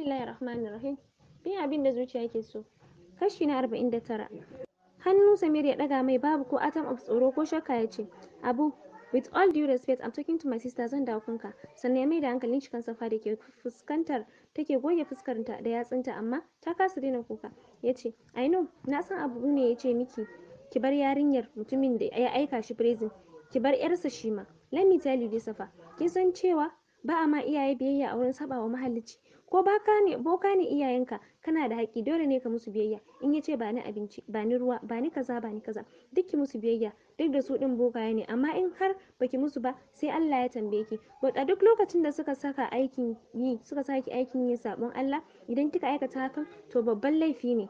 Bismillahir Rahmanir Rahim. Bin abin da zuciya ke so. Kashi na 49. Hannu Samir ya daga mai babu ko atom of tsoro ko shakka ya ce, "Abu, with all due respect, I'm talking to my sister zan dawo kunka Sannan ya mai da hankalin cikin safa da ke fuskantar take goge fuskarta da yatsunta amma ta kasa daina kuka. Ya ce, "I know, na san abu ne ya ce miki, ki bar yarinyar mutumin da ya aika shi prison, ki bar yarsa shi ma." Let me tell you this, Safa. Kin san cewa ba a ma iyaye biyayya a wurin sabawa mahallici ko baka ne boka ne iyayenka kana da haƙƙi dole ne ka musu biyayya in yace ba ni abinci ba ni ruwa ba ni kaza ba ni kaza duk ki musu biyayya duk da su din bokaye ne amma in har baki musu ba sai Allah ya tambaye ki a duk lokacin da suka saka aikin yi suka saki aikin yin sabon Allah idan kika aikata hakan to babban laifi ne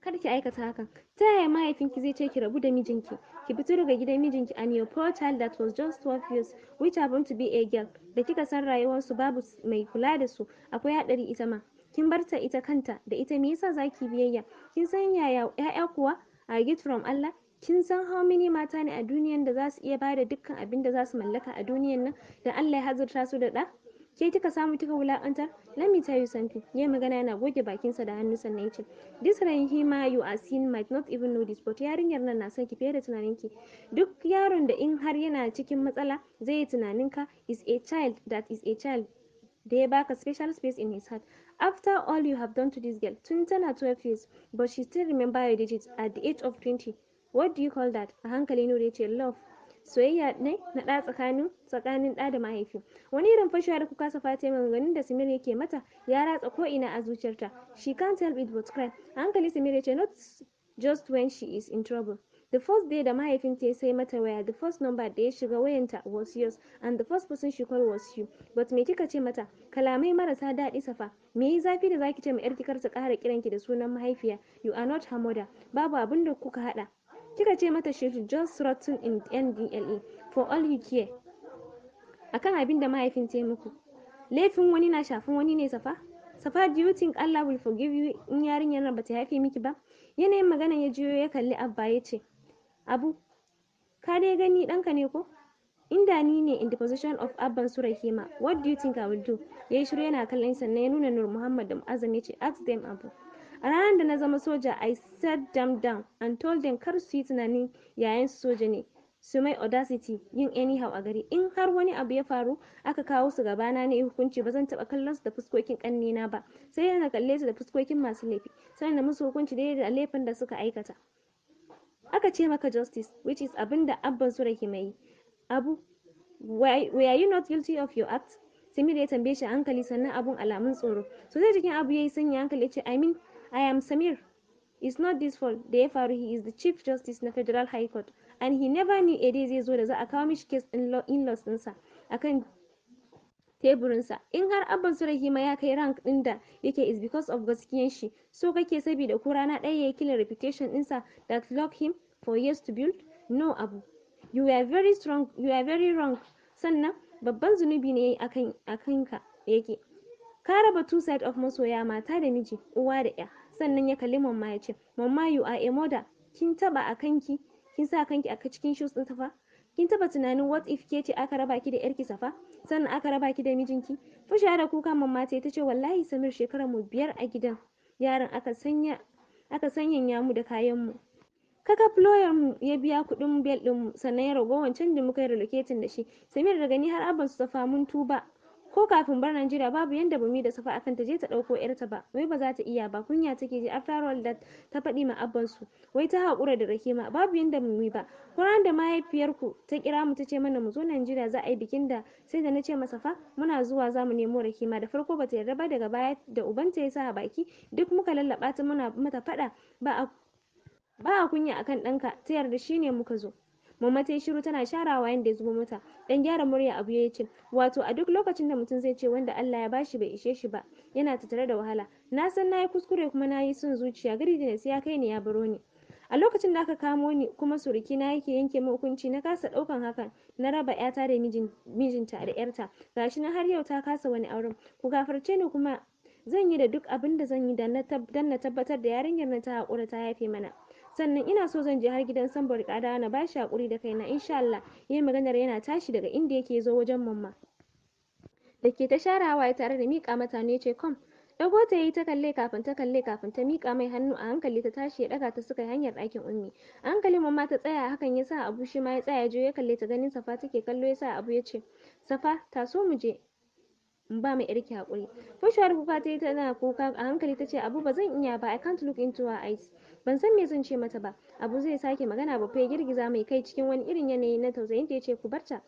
kada ki aikata hakan ta yaya mahaifinki zai ce ki rabu da mijinki ki fito daga gidan mijinki and your poor child that was just 12 years which happened to be a girl da kika san rayuwarsu babu mai kula da su akwai haɗari ita ma kin barta ita kanta da ita me yasa zaki biyayya kin san yaya ƴaƴa kuwa a gift from Allah kin san how many mata ne a duniyan da za su iya bada dukkan abin da za su mallaka a duniyan nan da Allah ya hazurta su da ɗa ke kika samu kika wulakantar let me tell you something yayi magana yana goge bakinsa da hannu sannan yace this rahima you are seen might not even know this but yarinyar nan na son ki fiye da tunaninki duk yaron da in har yana cikin matsala zai yi tunaninka is a child that is a child da ya baka special space in his heart after all you have done to this girl tun tana 12 years but she still remember your digits at the age of 20 what do you call that a hankali nuri ce love soyayya ne na ɗa tsakanin tsakanin ɗa da mahaifi wani irin fashewa da kuka safa ta maganganun da Samir yake mata ya ratsa ko ina a zuciyarta she can't help it but cry hankali Samir yace ce not just when she is in trouble The first day da mahaifinta ya sai mata waya, the first number da ya shiga wayanta was yours, and the first person she called was you. But me kika ce mata? Kalamai marasa daɗi safa. Me yi zafi da zaki ce ma yar kar ta ƙara kiranki da sunan mahaifiya? You are not her mother. Babu abin da kuka haɗa. kika ce mata she should just rotten in NDLA e for all you care akan abin da mahaifin ta muku laifin wani na shafin wani ne safa safa do you think Allah will forgive you in yarinyar ba bata haifi miki ba yanayin magana ya jiyo ya kalli abba ya ce abu ka dai gani ɗanka ne ko inda ni ne in the position of abban sura kema what do you think i will do ya yi shiru yana kallon sannan ya nuna nur muhammad da mu'azzam ya ce ask them abu a ranar da na zama soja i sat them down and told them kar su yi tunanin su soja ne su mai audacity yin anyhow a gari in har wani abu ya faru aka kawo su gaba na ne hukunci ba zan taba kallon su da fuskokin na ba sai na kalle su da fuskokin masu laifi sannan musu hukunci daidai da laifin da suka aikata aka ce maka justice which is abin da abban su rake mai abu were you not guilty of your act simi da ya tambaye shi hankali sannan abun alamun tsoro sosai sai jikin abu yi sanya hankali ya ce i mean I am Samir. It's not this fault da ya faru he is the chief justice na federal high court and he never knew a day zai zo da za a kawo mishi case in laws ɗinsa akan teburinsa in har abban su rahima ya kai rank ɗin da yake is because of gaskiyan shi so kake sabida ko rana ɗaya ya kila reputation sa that lock him for years to build no abu you are very strong you are very wrong sannan babban zunubi ne akan akan ka yake ka raba two side of masoya mata da miji uwa da ya sannan ya kalli mamma ya ce mamma you are a mother kin taba a kanki kin sa kanki a cikin shoes din fa kin taba tunanin what if ke ce aka raba ki da ki safa sannan aka raba ki da mijinki fushi da kuka mamma ta ce wallahi samir shekarar mu biyar a gidan yaron aka sanya aka sanyanya mu da kayan mu kaka lawyer mu ya biya kuɗin bel din mu sannan ya rago wancan da muka yi relocating da shi samir daga ni har abban su safa mun tuba ko kafin bar Najeriya babu yanda bumi da safa akan ta je ta ɗauko yarta ba wai ba za ta iya ba kunya take ji after all that ta faɗi ma abban su wai ta haƙura da rake ma babu yanda bumi ba kuran da mahaifiyarku ta kira mu ta ce mana mu zo Najeriya za a yi bikin da sai da na ce masa fa muna zuwa za mu nemo rake ma da farko bata yarda ba daga baya da ubanta ya sa baki duk muka lallaba ta muna mata fada ba a ba a kunya akan ɗanka ta yarda shine muka zo Mamma ta shiru tana sharawa yanda ya zubo mata. Dan gyara murya abu ya ce, wato a duk lokacin da mutum zai ce wanda Allah ya bashi bai ishe shi ba, yana tattare da wahala. Na san na yi kuskure kuma na yi son zuciya, gari da ya kai ni ya baro ni. a lokacin da aka kamo ni kuma suriki na yake yanke min hukunci na kasa daukan hakan na raba yata da mijinta da yarta gashi na har yau ta kasa wani auren ku gafarce ni kuma zan yi da duk abin da zan yi dan na tabbatar da yarinyar na ta hakura ta yafe mana sannan ina so zan je har gidan sambar kada na bashi hakuri da kaina insha Allah yayi maganar yana tashi daga inda yake zo wajen mamma da ke ta share hawaye tare da mika mata ne ce kom dago ta yi ta kalle kafin ta kalle kafin ta mika mai hannu a hankali ta tashi ya daga ta suka hanyar ɗakin ummi a hankali mamma ta tsaya hakan ya sa abu shi ma ya tsaya ya ya kalle ta ganin safa take kallo ya sa abu ya ce safa taso mu je in ba mai yarki hakuri fushewar kuka ta yi tana kuka a hankali ta ce abu ba zan iya ba i can't look into her eyes ban san me zan ce mata ba abu zai sake magana ba fai girgiza mai kai cikin wani irin yanayi na tausayin da ya ce ku barta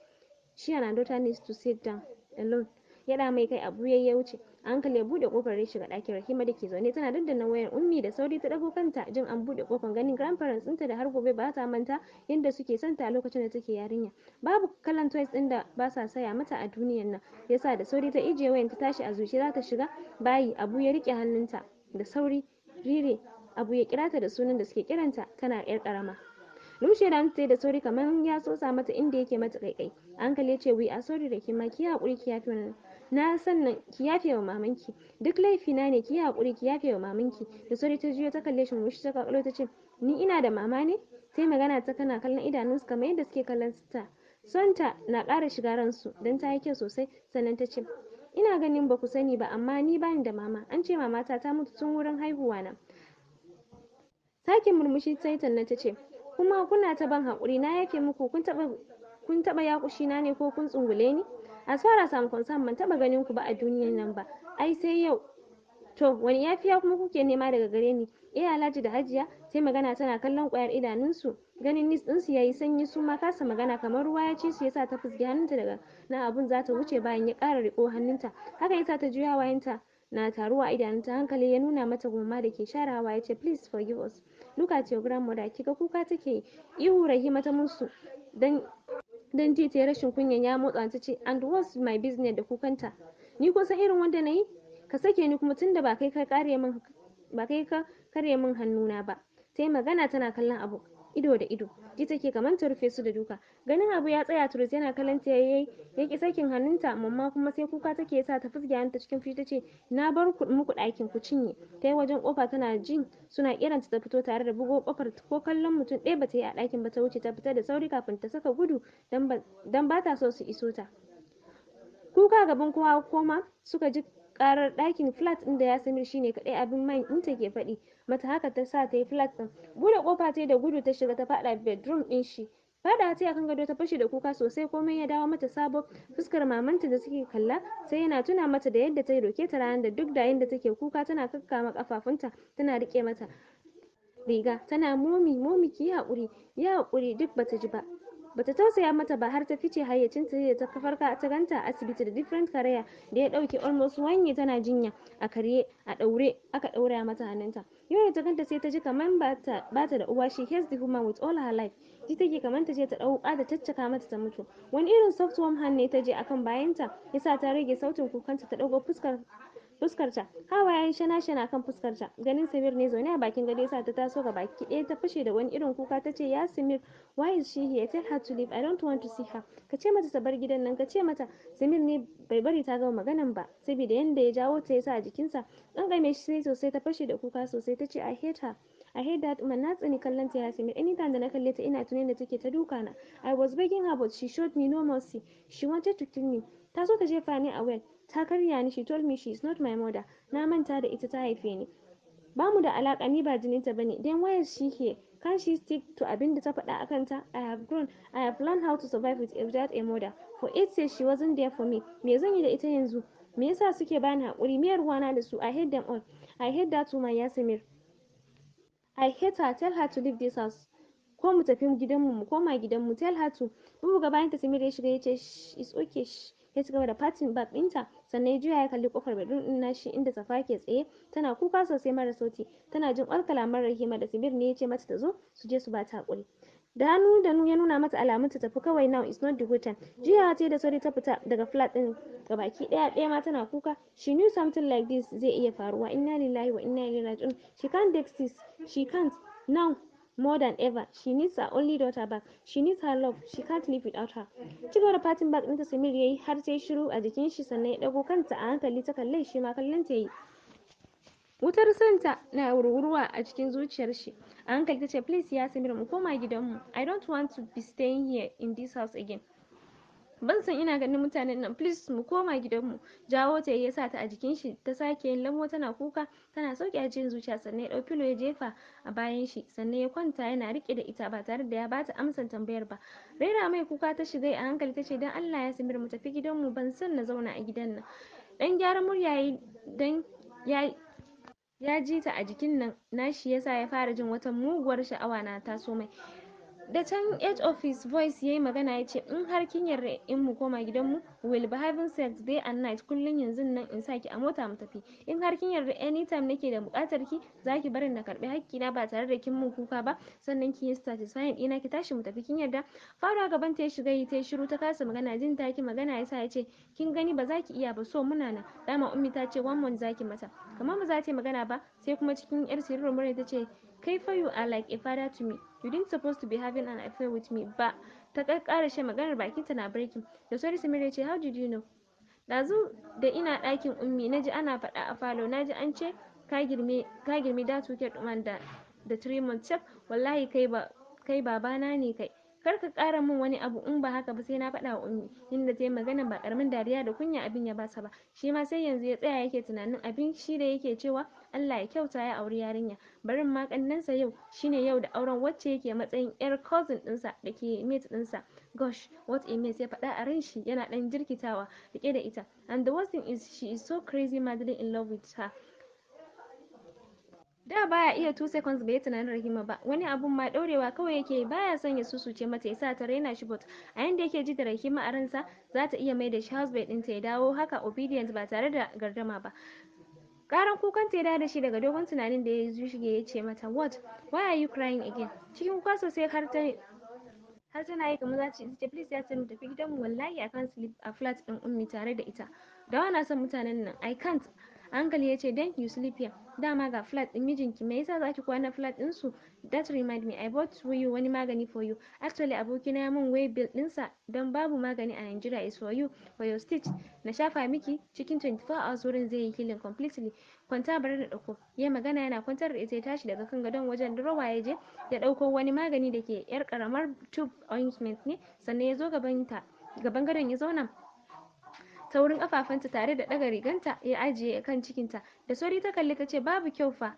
she and daughter needs to sit down alone ya mai kai abu ya wuce a hankali ya bude kofar ya shiga ɗakin rahima da ke zaune tana daddana wayar ummi da sauri ta ɗago kanta jin an bude kofar ganin grandparents ɗinta da har gobe ba ta manta yadda suke son ta a lokacin da take yarinya babu kalan toys ɗin da ba sa saya mata a duniyar nan yasa da sauri ta ijiye wayan ta tashi a zuci za ta shiga bayi abu ya riƙe hannunta da sauri rire abu ya kira ta da sunan da suke kiranta tana yar karama rushe da ta da sauri kamar ya sosa mata inda yake mata kaikai hankali ya ce we a sauri da kima ki hakuri ki yafi wannan na sannan ki yafe wa mamanki duk laifi na ne ki haƙuri hakuri ki yafe wa mamanki da sauri ta juyo ta kalle shi mushi ta kakalo ta ce ni ina da mama ne sai magana ta kana kallon su kamar yadda suke kallon ta sonta na ƙara shiga ransu don ta yake sosai sannan ta ce ina ganin ba ku sani ba amma ni bani da mama an ce mama ta ta mutu tun wurin haihuwa na sake murmushi sai nan ta ce kuma kuna ta ban haƙuri na yake muku kun taɓa kun taɓa na ne ko kun tsungule ni as far as ban taba ganin ku ba a duniyar nan ba ai sai yau to wani yafiya kuma kuke nema daga gare ni eh Alhaji da Hajiya sai magana tana kallon kwayar idanunsu ganin nis ɗinsu yi sanyi su ma kasa magana kamar ruwa ya ce su yasa ta fusgi hannunta daga na abun za ta wuce bayan ya ƙara riko hannunta haka yasa ta juya wayanta na taruwa idanunta hankali ya nuna mata goma da ke share ya ce please forgive us look at your grandmother kika kuka take ihu rahima ta musu dan don ji ta rashin kunya ya motsa ta ce and what's my business da kukanta ni kusan san irin wanda nayi ka sake ni kuma tunda ba kai ka kare min ba kai ka kare min hannuna ba sai magana tana kallon abu ido da ido ji take kamar ta rufe su da duka ganin abu ya tsaya turus yana kallon ta yayi ya ki sakin hannunta mamma kuma sai kuka take sa ta fusge hannunta cikin fushi ce na bar ku muku ɗakin ku cinye ta wajen kofa tana jin suna kiranta ta fito tare da bugo kofar ko kallon mutum ɗaya ba ta yi a ɗakin ba ta wuce ta fita da sauri kafin ta saka gudu dan ba ta so su iso ta kuka gaban kowa koma suka ji karar ɗakin flat ɗin da ya shi shine kaɗai abin man in ke faɗi mata haka ta sa ta yi flat ɗin buɗe ƙofa ta da gudu ta shiga ta faɗa bedroom ɗin shi faɗa ta akan gado ta fashe da kuka sosai komai ya dawo mata sabo fuskar mamanta da suke kalla sai yana tuna mata da yadda ta roke ta ranar da duk da yadda take kuka tana kakkama kafafunta tana riƙe mata riga tana momi momi ki haƙuri yi haƙuri duk bata ji ba bata tausaya mata ba har ta fice hayyacin ta ta farka ta ganta a asibiti da different karaya da ya dauke almost one tana jinya a karye a daure aka daura mata hannunta yau ta ganta sai ta ji kamar bata bata da uwa she hates the human with all her life ji take kamar ta je ta dauka da taccaka mata ta mutu wani irin soft warm hand ne ta je akan bayanta yasa ta rage sautin kukanta ta dauko fuskar fuskarta hawa ya yi shana shana kan fuskarta ganin samir ne zaune a bakin gado yasa ta taso ga baki ɗaya ta fashe da wani irin kuka ta ce ya samir why is she here tell her to leave i don't want to see her ka ce mata ta bar gidan nan ka ce mata samir ne bai bari ta gama maganan ba saboda yanda ya jawo ta yasa a jikinsa kankame shi sai sosai ta fashe da kuka sosai ta ce i hate her I hate that woman. Na tsani kallon ta Yasemin. Anytime da na kalle ta ina tunanin da take ta duka na. I was begging her but she showed me no mercy. She wanted to kill me. Ta so ta jefa ni a well. ta karya ni she told me she is not my mother na manta da ita ta haife ni bamu da alaka ni ba jininta bane then why is she here can she stick to abin da ta faɗa a kanta i have grown i have learned how to survive with, without a mother for eight years she wasn't there for me me zan yi da ita yanzu me yasa suke bani hakuri me ruwana da su i hate them all i hate that woman yasemir i hate her tell her to leave this house ko mu tafi gidanmu mu koma gidanmu tell her to buga bayan ta samir ya shiga ya ce it's okay ya ci gaba da fatin bab ɗinta sannan ya juya ya kalli kofar bedroom ɗin nashi inda safa ke tsaye tana kuka sosai mara sauti tana jin ƙwar kalamar rahima da sibir ne ya ce mata ta zo su je su bata ta da hannu da nu ya nuna mata alamun ta tafi kawai now is not the good time juyawa ce da sauri ta fita daga flat din gabaki ɗaya-ɗaya ma tana kuka she knew something like this zai iya faruwa inna lillahi wa inna ilaihi raji'un she can't take she can't now more than ever. She needs her only daughter back. She needs her love. She can't live without her. Ci gaba da fatin bak ɗinta Samir ya yi har sai shiru a jikin shi sannan ya ɗago kanta a hankali ta kalle shi ma kallon ta yi. Wutar santa na wurwurwa a cikin zuciyar shi. A hankali ta ce please ya Samir mu koma gidanmu. I don't want to be staying here in this house again. ban san ina ganin mutanen nan please mu koma gidanmu jawo ta ya sa ta a jikin shi ta sake yin lamo tana kuka tana sauke a cikin zuciya sannan ya ɗauki ya jefa a bayan shi sannan ya kwanta yana riƙe da ita ba tare da ya bata amsa tambayar ba rera mai kuka ta shiga a hankali ta ce dan Allah ya samir mu tafi mu ban san na zauna a gidan nan dan gyaran murya yayi dan ya ya ji ta a jikin nan nashi yasa ya fara jin wata muguwar sha'awa na taso mai da can age office voice ya yi magana ya ce in har kin yarda in mu koma gidanmu will be having sex day and night kullum yanzu nan in saki a mota mu tafi in har kin yarda anytime nake da bukatar ki zaki barin na karbi hakki na ba tare da kin mun kuka ba sannan ki yi satisfying dina ki tashi mu tafi kin yarda fara gaban ta ya shiga yi ta shiru ta kasa magana jin ta ki magana yasa ya ce kin gani ba zaki iya ba so muna na dama ummi ta ce one month zaki mata kamar ba za ta yi magana ba sai kuma cikin yar sirrin murai ta ce kaifa you are like a father to me you didn't supposed to be having an affair with me ba ta kakkara shi maganar ta na breaking da sauri samira ce how did you know dazu da ina ɗakin ummi naji ana faɗa a falo naji an ce ka girme ka girme da tuke duman da da three months wallahi kai ba kai babana ne kai kar ka kara min wani abu in ba haka ba sai na faɗa wa ummi inda ta yi magana ba karamin dariya da kunya abin ya basa ba shi ma sai yanzu ya tsaya yake tunanin abin shi da yake cewa Allah ya kyauta ya auri yarinya barin ma kannansa yau shine yau da auren wacce yake matsayin yar cousin ɗinsa da ke mate ɗinsa gosh what a mess ya faɗa a ran shi yana ɗan jirkitawa riƙe da ita and the worst thing is she is so crazy madly in love with her da baya iya 2 seconds bai tunanin rahima ba wani abun ma daurewa kawai yake baya son ya susuce mata yasa ta raina shi bot a yanda yake ji da rahima a ransa za ta iya mai da shi din ta ya dawo haka obedient ba tare da gardama ba karan kukan ta ya da shi daga dogon tunanin da ya shige ya ce mata what why are you crying again cikin kuka sosai har ta har tana yi kamar za ta ce please ya mu tafi gidanmu wallahi akan sleep a flat ɗin ummi tare da ita da wana son mutanen nan i can't hankali ya ce thank you sleep dama ga flat ɗin mijinki me yasa zaki kwana flat ɗin su that remind me i bought for you wani magani for you actually abokina ya mun way bill dinsa don babu magani a Nigeria is for you for your stitch na shafa miki cikin 24 hours wurin zai yi healing completely kwanta bare da dauko ya magana yana kwantar da ita ya tashi daga kan gadon wajen drawer ya je ya ɗauko wani magani da ke yar ƙaramar tube ointment ne sannan ya zo gaban ta gaban gadon ya zauna wurin ƙafafanta tare da ɗaga riganta ya ajiye kan cikinta. Da sauri ta kalli ta ce babu kyau fa.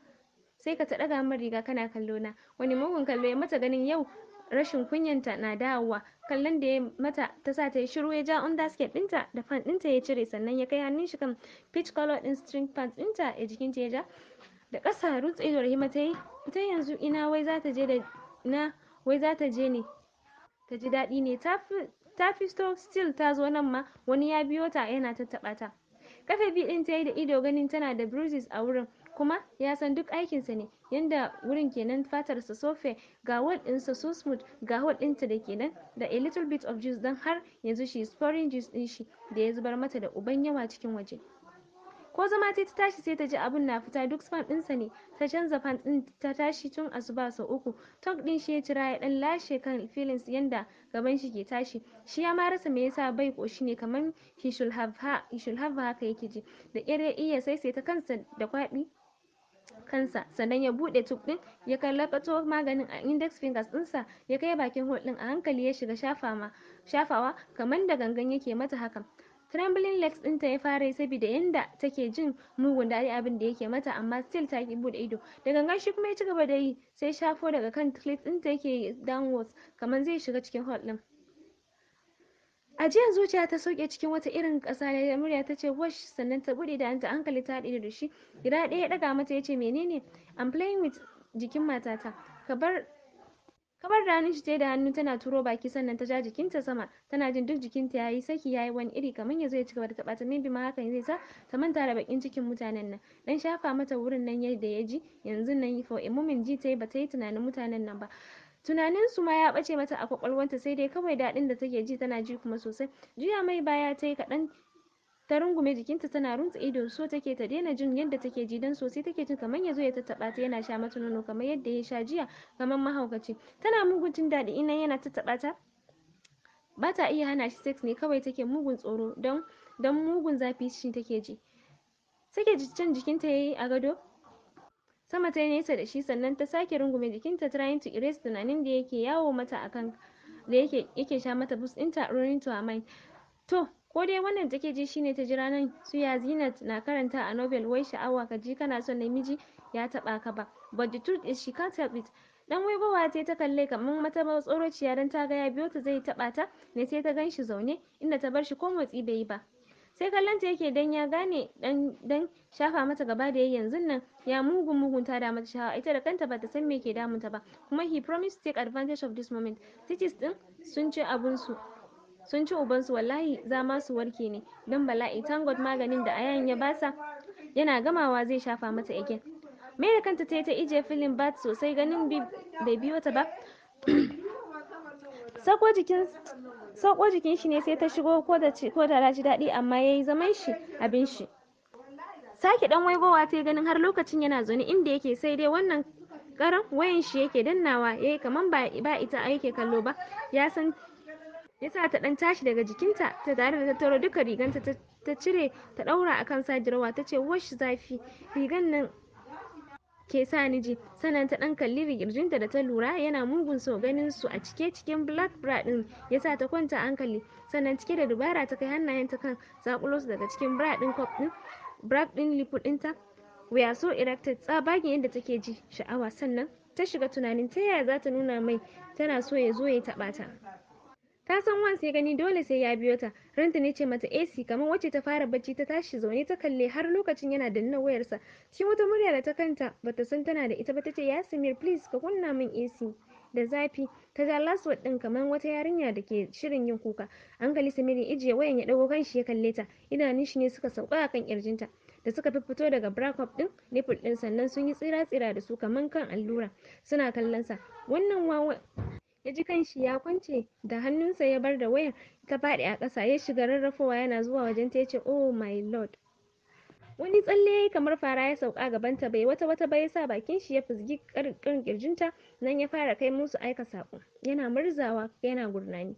Sai ka ta ɗaga min riga kana kallo na. Wani mugun kallo ya mata ganin yau rashin kunyanta na dawowa. Kallon da ya mata ta sa ta yi shiru ya ja underskirt dinta da fan ɗinta ya cire sannan ya kai hannun shi kan peach color ɗin string pants ɗinta ya jikinta ya ja. Da ƙasa rutsa ido Rahima ta yi yanzu ina wai za ta je da na wai za ta je ne ta ji daɗi ne ta fi ta fisto still ta zo nan ma wani ya biyo ta yana tattaɓa ta kafe biyu ɗin ta yi da ido ganin tana da bruises a wurin kuma ya san duk aikinsa ne yanda wurin kenan fatarsa sofe ga wall ɗinsa so smooth ga hol ɗinta da kenan da a little bit of juice don har yanzu shi sporin juice ɗin shi da ya zubar mata da uban yawa cikin waje ko zama ta tashi sai ta ji abun na fita duk ɗin sa ne ta canza fan ɗin ta tashi tun asuba sau uku tok ɗin shi ya cira ya ɗan lashe kan feelings yanda gaban shi ke tashi shi ya ma rasa me yasa bai ƙoshi ne kamar he should have haka yake ji da ƙyar ya iya ta kansa da kwaɗi kansa sannan ya buɗe tuk ɗin ya kallakato maganin a index fingers dinsa ya kai bakin hol ɗin a hankali ya shiga shafawa kamar da gangan yake mata hakan Trembling legs ɗinta ya fara yi saboda yanda take jin mugun daɗi abin da yake mata amma still ta ki bude ido. Da gangan shi kuma ya ci gaba da yi sai shafo daga kan clips ɗinta yake yi downwards kamar zai shiga cikin hall ɗin. Ajiyar zuciya ta sauke cikin wata irin ƙasa da murya ta ce wash sannan ta buɗe da ta hankali ta haɗe da shi. Gida ɗaya ya ɗaga mata ya ce menene? I'm playing with jikin matata. Ka bar kamar da hannun shi ta da hannu tana turo baki sannan ta ja jikinta sama tana jin duk jikinta ya yi saki yayi wani iri kamar ya zai cigaba da taɓa ta maybe ma hakan zai sa ta manta da bakin cikin mutanen nan dan shafa mata wurin nan yadda ya ji yanzu nan for a moment ji ta yi ba yi tunanin mutanen nan ba tunanin su ma ya ɓace mata a kwakwalwanta sai dai kawai daɗin da take ji tana ji kuma sosai juya mai baya ta yi kaɗan ta rungume jikinta tana runtse ido so take ta daina jin yadda take ji dan sosai take jin kamar yazo ya tattaba ta yana sha mata nono kamar yadda ya sha jiya kamar mahaukaci tana mugun jin daɗi ina yana tattaba ta ba ta iya hana shi sex ne kawai take mugun tsoro don don mugun zafi shi take ji sake can jikinta yayi a gado sama ta nesa da shi sannan ta sake rungume jikinta trying to erase tunanin da yake yawo mata akan da yake yake sha mata bus ɗinta running to her mind to Ko dai wannan take ji shi ne ta nan ranar ya zinat na karanta a novel wai sha'awa ka ji kana son namiji ya taba ka ba. But the truth is she can't help it. Dan waibawa ce ta kalle kamar mata matsorociya don ta ga ya biyo ta zai taba ta ne sai ta gan shi zaune inda ta bar shi ko motsi bai yi ba. Sai kallonta yake dan ya gane dan shafa mata gaba da yayi yanzun nan ya mugun mugunta ta da mata sha'awa ita da kanta bata san me ke damunta ba kuma he promised to take advantage of this moment. Titis din sun ci abun su sun ci ubansu wallahi za ma su warke ne don bala'i tangot maganin da ayan ya basa yana gamawa zai shafa mata again mai da kanta ta ije filin bat sosai ganin bai biyo ta ba sako jikin sauko jikin shi ne sai ta shigo ko da ko da ji daɗi amma ya yi zaman shi abin shi sake dan waigowa ta ganin har lokacin yana zaune inda yake sai dai wannan karan wayan shi yake dannawa yayi kaman ba ba ita yake kallo ba ya san ya sa ta ɗan tashi daga jikinta ta tare da tattaro duka riganta ta cire ta ɗaura a kan sadarwa ta ce wash zafi rigan nan ke sa ni ji sannan ta ɗan kalli rigirjinta da ta lura yana mugun so ganin su a cike cikin black bra ɗin ya ta kwanta hankali sannan cike da dubara ta kai hannayenta kan zakulosu daga cikin bra ɗin kwaf ɗin bra ɗin lipid ɗinta we are so erected tsabagen yadda take ji sha'awa sannan ta shiga tunanin ta yaya zata nuna mai tana so ya zo ya taɓa ta ta san wan sai gani dole sai ya biyo ta ranta ne ce mata AC kamar wacce ta fara bacci ta tashi zaune ta kalle har lokacin yana da danna wayarsa shi wata murya da ta kanta bata san tana da ita ba tace ya Samir please ka kunna min AC da zafi ta ja laswat din kamar wata yarinya da ke shirin yin kuka gali Samir ya ijiye wayan ya dago shi ya kalle ta idanun shi ne suka sauka kan kirjinta da suka fito daga brakop din nipple din sannan sun yi tsira-tsira da su kaman kan allura suna kallon sa wannan wawa ya ji kanshi ya kwance da hannunsa ya bar da wayar ta faɗi a ƙasa ya shiga rarrafowa yana zuwa wajen ta ce, oh my lord wani tsalle ya yi kamar fara ya sauka gabanta bai wata wata ba sa bakin shi ya fizgi ƙarƙin ƙirjinta, nan ya fara kai musu aika saƙo yana murzawa yana gurnani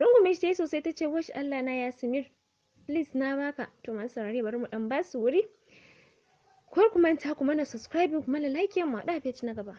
rungume shi ta yi sosai ta ce wash Allah na Yasimir please na baka to masu saurari bari mu ɗan basu wuri kar ku manta ku mana subscribe kuma na like mu a ci na gaba